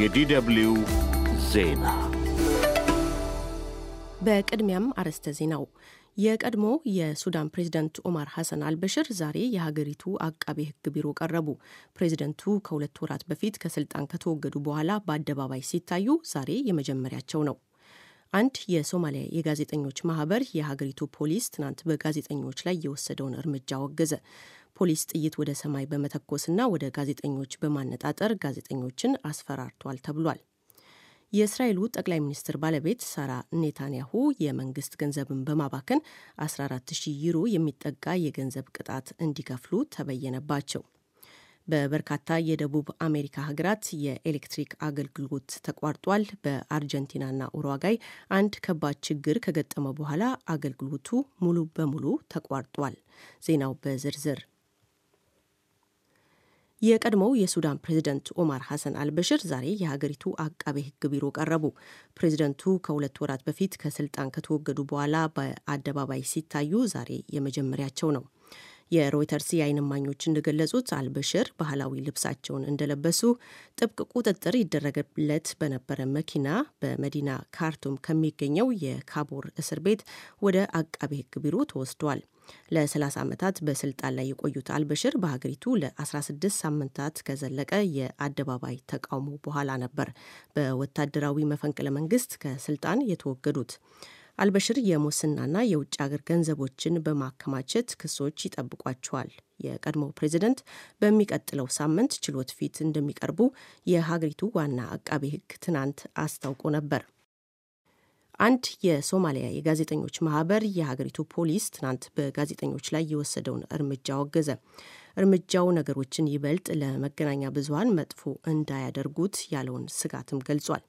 የዲደብልዩ ዜና በቅድሚያም አርዕስተ ዜናው የቀድሞ የሱዳን ፕሬዝደንት ኦማር ሐሰን አልበሽር ዛሬ የሀገሪቱ አቃቤ ሕግ ቢሮ ቀረቡ። ፕሬዝደንቱ ከሁለት ወራት በፊት ከስልጣን ከተወገዱ በኋላ በአደባባይ ሲታዩ ዛሬ የመጀመሪያቸው ነው። አንድ የሶማሊያ የጋዜጠኞች ማህበር የሀገሪቱ ፖሊስ ትናንት በጋዜጠኞች ላይ የወሰደውን እርምጃ ወገዘ። ፖሊስ ጥይት ወደ ሰማይ በመተኮስና ወደ ጋዜጠኞች በማነጣጠር ጋዜጠኞችን አስፈራርቷል ተብሏል። የእስራኤሉ ጠቅላይ ሚኒስትር ባለቤት ሳራ ኔታንያሁ የመንግስት ገንዘብን በማባከን 14000 ዩሮ የሚጠጋ የገንዘብ ቅጣት እንዲከፍሉ ተበየነባቸው። በበርካታ የደቡብ አሜሪካ ሀገራት የኤሌክትሪክ አገልግሎት ተቋርጧል። በአርጀንቲናና ኡሩጓይ አንድ ከባድ ችግር ከገጠመ በኋላ አገልግሎቱ ሙሉ በሙሉ ተቋርጧል። ዜናው በዝርዝር የቀድሞው የሱዳን ፕሬዝደንት ኦማር ሐሰን አልበሽር ዛሬ የሀገሪቱ አቃቤ ሕግ ቢሮ ቀረቡ። ፕሬዝደንቱ ከሁለት ወራት በፊት ከስልጣን ከተወገዱ በኋላ በአደባባይ ሲታዩ ዛሬ የመጀመሪያቸው ነው። የሮይተርስ የዓይን እማኞች እንደገለጹት አልበሽር ባህላዊ ልብሳቸውን እንደለበሱ ጥብቅ ቁጥጥር ይደረግለት በነበረ መኪና በመዲና ካርቱም ከሚገኘው የካቡር እስር ቤት ወደ አቃቤ ሕግ ቢሮ ተወስዷል። ለ30 ዓመታት በስልጣን ላይ የቆዩት አልበሽር በሀገሪቱ ለ16 ሳምንታት ከዘለቀ የአደባባይ ተቃውሞ በኋላ ነበር በወታደራዊ መፈንቅለ መንግስት ከስልጣን የተወገዱት። አልበሽር የሙስናና የውጭ አገር ገንዘቦችን በማከማቸት ክሶች ይጠብቋቸዋል። የቀድሞው ፕሬዚደንት በሚቀጥለው ሳምንት ችሎት ፊት እንደሚቀርቡ የሀገሪቱ ዋና አቃቤ ሕግ ትናንት አስታውቆ ነበር። አንድ የሶማሊያ የጋዜጠኞች ማህበር የሀገሪቱ ፖሊስ ትናንት በጋዜጠኞች ላይ የወሰደውን እርምጃ አወገዘ። እርምጃው ነገሮችን ይበልጥ ለመገናኛ ብዙሀን መጥፎ እንዳያደርጉት ያለውን ስጋትም ገልጿል።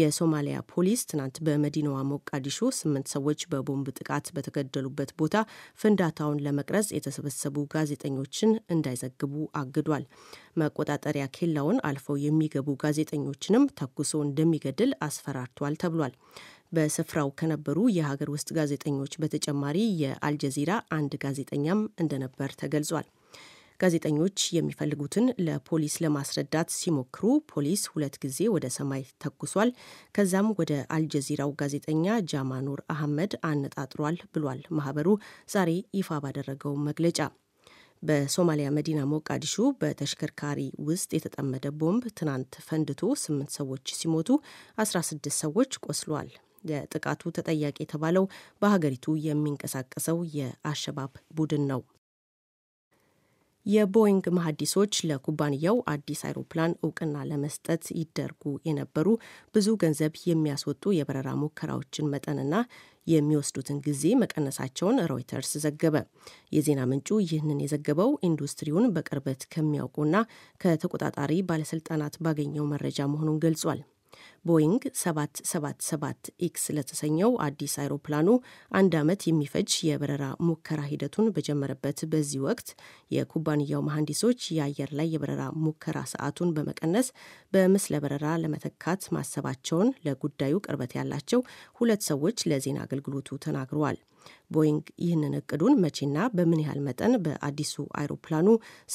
የሶማሊያ ፖሊስ ትናንት በመዲናዋ ሞቃዲሾ ስምንት ሰዎች በቦምብ ጥቃት በተገደሉበት ቦታ ፍንዳታውን ለመቅረጽ የተሰበሰቡ ጋዜጠኞችን እንዳይዘግቡ አግዷል። መቆጣጠሪያ ኬላውን አልፈው የሚገቡ ጋዜጠኞችንም ተኩሶ እንደሚገድል አስፈራርቷል ተብሏል። በስፍራው ከነበሩ የሀገር ውስጥ ጋዜጠኞች በተጨማሪ የአልጀዚራ አንድ ጋዜጠኛም እንደነበር ተገልጿል። ጋዜጠኞች የሚፈልጉትን ለፖሊስ ለማስረዳት ሲሞክሩ ፖሊስ ሁለት ጊዜ ወደ ሰማይ ተኩሷል፣ ከዛም ወደ አልጀዚራው ጋዜጠኛ ጃማኑር አህመድ አነጣጥሯል ብሏል ማህበሩ ዛሬ ይፋ ባደረገው መግለጫ። በሶማሊያ መዲና ሞቃዲሹ በተሽከርካሪ ውስጥ የተጠመደ ቦምብ ትናንት ፈንድቶ ስምንት ሰዎች ሲሞቱ 16 ሰዎች ቆስሏል። ለጥቃቱ ተጠያቂ የተባለው በሀገሪቱ የሚንቀሳቀሰው የአሸባብ ቡድን ነው። የቦይንግ መሀዲሶች ለኩባንያው አዲስ አይሮፕላን እውቅና ለመስጠት ይደርጉ የነበሩ ብዙ ገንዘብ የሚያስወጡ የበረራ ሙከራዎችን መጠንና የሚወስዱትን ጊዜ መቀነሳቸውን ሮይተርስ ዘገበ። የዜና ምንጩ ይህንን የዘገበው ኢንዱስትሪውን በቅርበት ከሚያውቁና ከተቆጣጣሪ ባለስልጣናት ባገኘው መረጃ መሆኑን ገልጿል። ቦይንግ 777 ኢክስ ለተሰኘው አዲስ አይሮፕላኑ አንድ ዓመት የሚፈጅ የበረራ ሙከራ ሂደቱን በጀመረበት በዚህ ወቅት የኩባንያው መሐንዲሶች የአየር ላይ የበረራ ሙከራ ሰዓቱን በመቀነስ በምስለ በረራ ለመተካት ማሰባቸውን ለጉዳዩ ቅርበት ያላቸው ሁለት ሰዎች ለዜና አገልግሎቱ ተናግረዋል። ቦይንግ ይህንን እቅዱን መቼና በምን ያህል መጠን በአዲሱ አይሮፕላኑ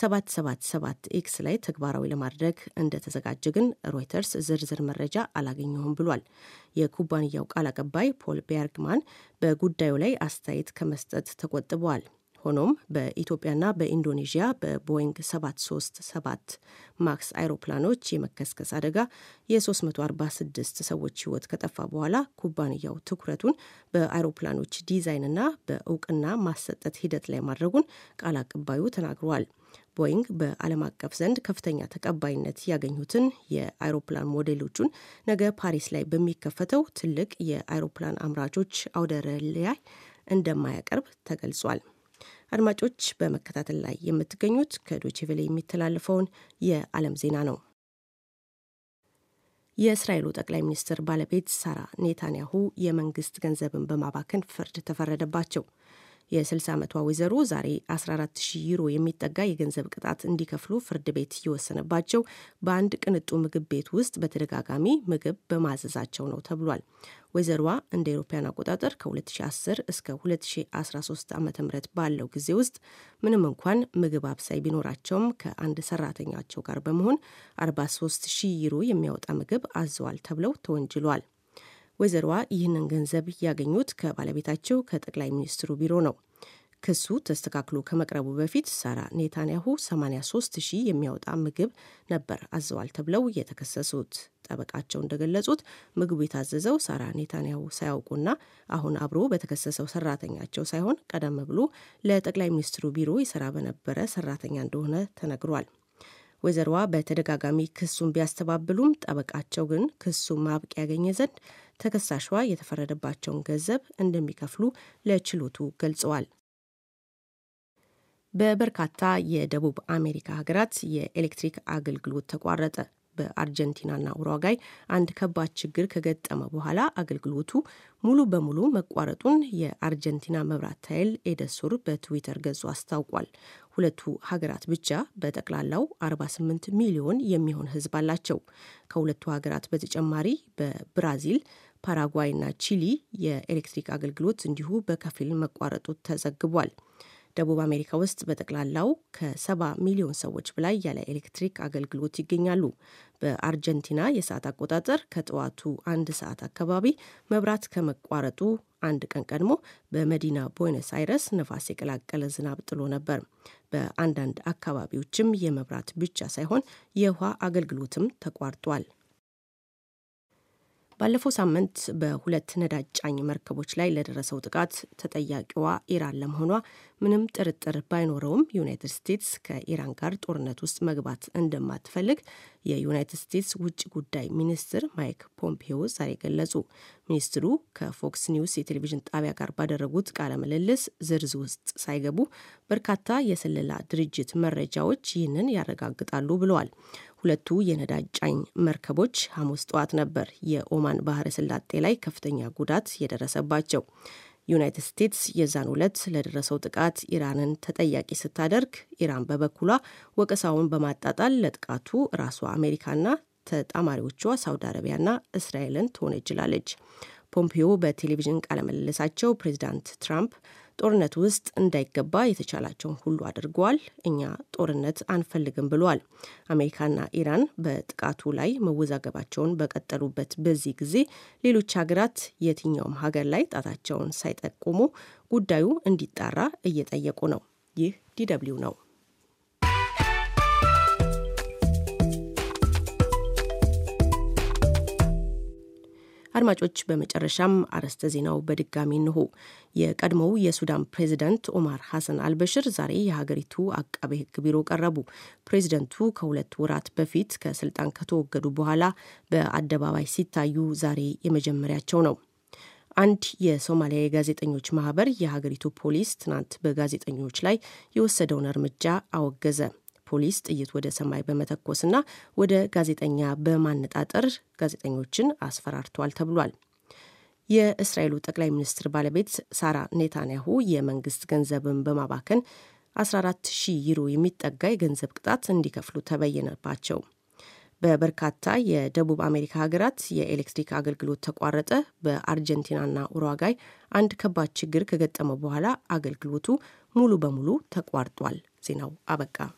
777 ኤክስ ላይ ተግባራዊ ለማድረግ እንደተዘጋጀ ግን ሮይተርስ ዝርዝር መረጃ አላገኘሁም ብሏል። የኩባንያው ቃል አቀባይ ፖል ቤርግማን በጉዳዩ ላይ አስተያየት ከመስጠት ተቆጥበዋል። ሆኖም በኢትዮጵያና በኢንዶኔዥያ በቦይንግ 737 ማክስ አይሮፕላኖች የመከስከስ አደጋ የ346 ሰዎች ሕይወት ከጠፋ በኋላ ኩባንያው ትኩረቱን በአይሮፕላኖች ዲዛይንና በእውቅና ማሰጠት ሂደት ላይ ማድረጉን ቃል አቀባዩ ተናግረዋል። ቦይንግ በዓለም አቀፍ ዘንድ ከፍተኛ ተቀባይነት ያገኙትን የአይሮፕላን ሞዴሎቹን ነገ ፓሪስ ላይ በሚከፈተው ትልቅ የአይሮፕላን አምራቾች አውደ ርዕይ ላይ እንደማያቀርብ ተገልጿል። አድማጮች በመከታተል ላይ የምትገኙት ከዶችቬሌ የሚተላለፈውን የዓለም ዜና ነው። የእስራኤሉ ጠቅላይ ሚኒስትር ባለቤት ሳራ ኔታንያሁ የመንግስት ገንዘብን በማባከን ፍርድ ተፈረደባቸው። የ60 ዓመቷ ወይዘሮ ዛሬ 14 ዩሮ የሚጠጋ የገንዘብ ቅጣት እንዲከፍሉ ፍርድ ቤት የወሰነባቸው በአንድ ቅንጡ ምግብ ቤት ውስጥ በተደጋጋሚ ምግብ በማዘዛቸው ነው ተብሏል። ወይዘሮዋ እንደ አውሮፓውያን አቆጣጠር ከ2010 እስከ 2013 ዓ ም ባለው ጊዜ ውስጥ ምንም እንኳን ምግብ አብሳይ ቢኖራቸውም ከአንድ ሰራተኛቸው ጋር በመሆን 43 ሺህ ዩሮ የሚያወጣ ምግብ አዘዋል ተብለው ተወንጅሏል። ወይዘሮዋ ይህንን ገንዘብ ያገኙት ከባለቤታቸው ከጠቅላይ ሚኒስትሩ ቢሮ ነው። ክሱ ተስተካክሎ ከመቅረቡ በፊት ሳራ ኔታንያሁ 83 ሺህ የሚያወጣ ምግብ ነበር አዘዋል ተብለው የተከሰሱት። ጠበቃቸው እንደገለጹት ምግቡ የታዘዘው ሳራ ኔታንያሁ ሳያውቁና አሁን አብሮ በተከሰሰው ሰራተኛቸው ሳይሆን ቀደም ብሎ ለጠቅላይ ሚኒስትሩ ቢሮ ይሰራ በነበረ ሰራተኛ እንደሆነ ተነግሯል። ወይዘሮዋ በተደጋጋሚ ክሱን ቢያስተባብሉም ጠበቃቸው ግን ክሱ ማብቅ ያገኘ ዘንድ ተከሳሿ የተፈረደባቸውን ገንዘብ እንደሚከፍሉ ለችሎቱ ገልጸዋል። በበርካታ የደቡብ አሜሪካ ሀገራት የኤሌክትሪክ አገልግሎት ተቋረጠ። በአርጀንቲናና ኡሩጋይ አንድ ከባድ ችግር ከገጠመ በኋላ አገልግሎቱ ሙሉ በሙሉ መቋረጡን የአርጀንቲና መብራት ኃይል ኤደሱር በትዊተር ገጹ አስታውቋል። ሁለቱ ሀገራት ብቻ በጠቅላላው 48 ሚሊዮን የሚሆን ሕዝብ አላቸው። ከሁለቱ ሀገራት በተጨማሪ በብራዚል ፓራጓይና ቺሊ የኤሌክትሪክ አገልግሎት እንዲሁ በከፊል መቋረጡ ተዘግቧል። ደቡብ አሜሪካ ውስጥ በጠቅላላው ከሰባ ሚሊዮን ሰዎች በላይ ያለ ኤሌክትሪክ አገልግሎት ይገኛሉ። በአርጀንቲና የሰዓት አቆጣጠር ከጠዋቱ አንድ ሰዓት አካባቢ መብራት ከመቋረጡ አንድ ቀን ቀድሞ በመዲና ቦይነስ አይረስ ነፋስ የቀላቀለ ዝናብ ጥሎ ነበር። በአንዳንድ አካባቢዎችም የመብራት ብቻ ሳይሆን የውሃ አገልግሎትም ተቋርጧል። ባለፈው ሳምንት በሁለት ነዳጅ ጫኝ መርከቦች ላይ ለደረሰው ጥቃት ተጠያቂዋ ኢራን ለመሆኗ ምንም ጥርጥር ባይኖረውም ዩናይትድ ስቴትስ ከኢራን ጋር ጦርነት ውስጥ መግባት እንደማትፈልግ የዩናይትድ ስቴትስ ውጭ ጉዳይ ሚኒስትር ማይክ ፖምፔዮ ዛሬ ገለጹ። ሚኒስትሩ ከፎክስ ኒውስ የቴሌቪዥን ጣቢያ ጋር ባደረጉት ቃለ ምልልስ ዝርዝ ውስጥ ሳይገቡ በርካታ የስለላ ድርጅት መረጃዎች ይህንን ያረጋግጣሉ ብለዋል። ሁለቱ የነዳጅ ጫኝ መርከቦች ሐሙስ ጠዋት ነበር የኦማን ባህረ ስላጤ ላይ ከፍተኛ ጉዳት የደረሰባቸው። ዩናይትድ ስቴትስ የዛን ዕለት ለደረሰው ጥቃት ኢራንን ተጠያቂ ስታደርግ ኢራን በበኩሏ ወቀሳውን በማጣጣል ለጥቃቱ ራሷ አሜሪካና ተጣማሪዎቿ ሳውዲ አረቢያና እስራኤልን ትወነጅላለች። ፖምፒዮ በቴሌቪዥን ቃለመለሳቸው ፕሬዚዳንት ትራምፕ ጦርነት ውስጥ እንዳይገባ የተቻላቸውን ሁሉ አድርገዋል፣ እኛ ጦርነት አንፈልግም ብሏል። አሜሪካና ኢራን በጥቃቱ ላይ መወዛገባቸውን በቀጠሉበት በዚህ ጊዜ ሌሎች ሀገራት የትኛውም ሀገር ላይ ጣታቸውን ሳይጠቁሙ ጉዳዩ እንዲጣራ እየጠየቁ ነው። ይህ ዲደብሊው ነው። አድማጮች፣ በመጨረሻም አርዕስተ ዜናው በድጋሚ እንሆ። የቀድሞው የሱዳን ፕሬዚደንት ኦማር ሐሰን አልበሽር ዛሬ የሀገሪቱ አቃቤ ሕግ ቢሮ ቀረቡ። ፕሬዚደንቱ ከሁለት ወራት በፊት ከስልጣን ከተወገዱ በኋላ በአደባባይ ሲታዩ ዛሬ የመጀመሪያቸው ነው። አንድ የሶማሊያ የጋዜጠኞች ማህበር የሀገሪቱ ፖሊስ ትናንት በጋዜጠኞች ላይ የወሰደውን እርምጃ አወገዘ። ፖሊስ ጥይት ወደ ሰማይ በመተኮስና ወደ ጋዜጠኛ በማነጣጠር ጋዜጠኞችን አስፈራርቷል ተብሏል። የእስራኤሉ ጠቅላይ ሚኒስትር ባለቤት ሳራ ኔታንያሁ የመንግስት ገንዘብን በማባከን 140 ሺህ ዩሮ የሚጠጋ የገንዘብ ቅጣት እንዲከፍሉ ተበየነባቸው። በበርካታ የደቡብ አሜሪካ ሀገራት የኤሌክትሪክ አገልግሎት ተቋረጠ። በአርጀንቲናና ኡሩጋይ አንድ ከባድ ችግር ከገጠመው በኋላ አገልግሎቱ ሙሉ በሙሉ ተቋርጧል። ዜናው አበቃ።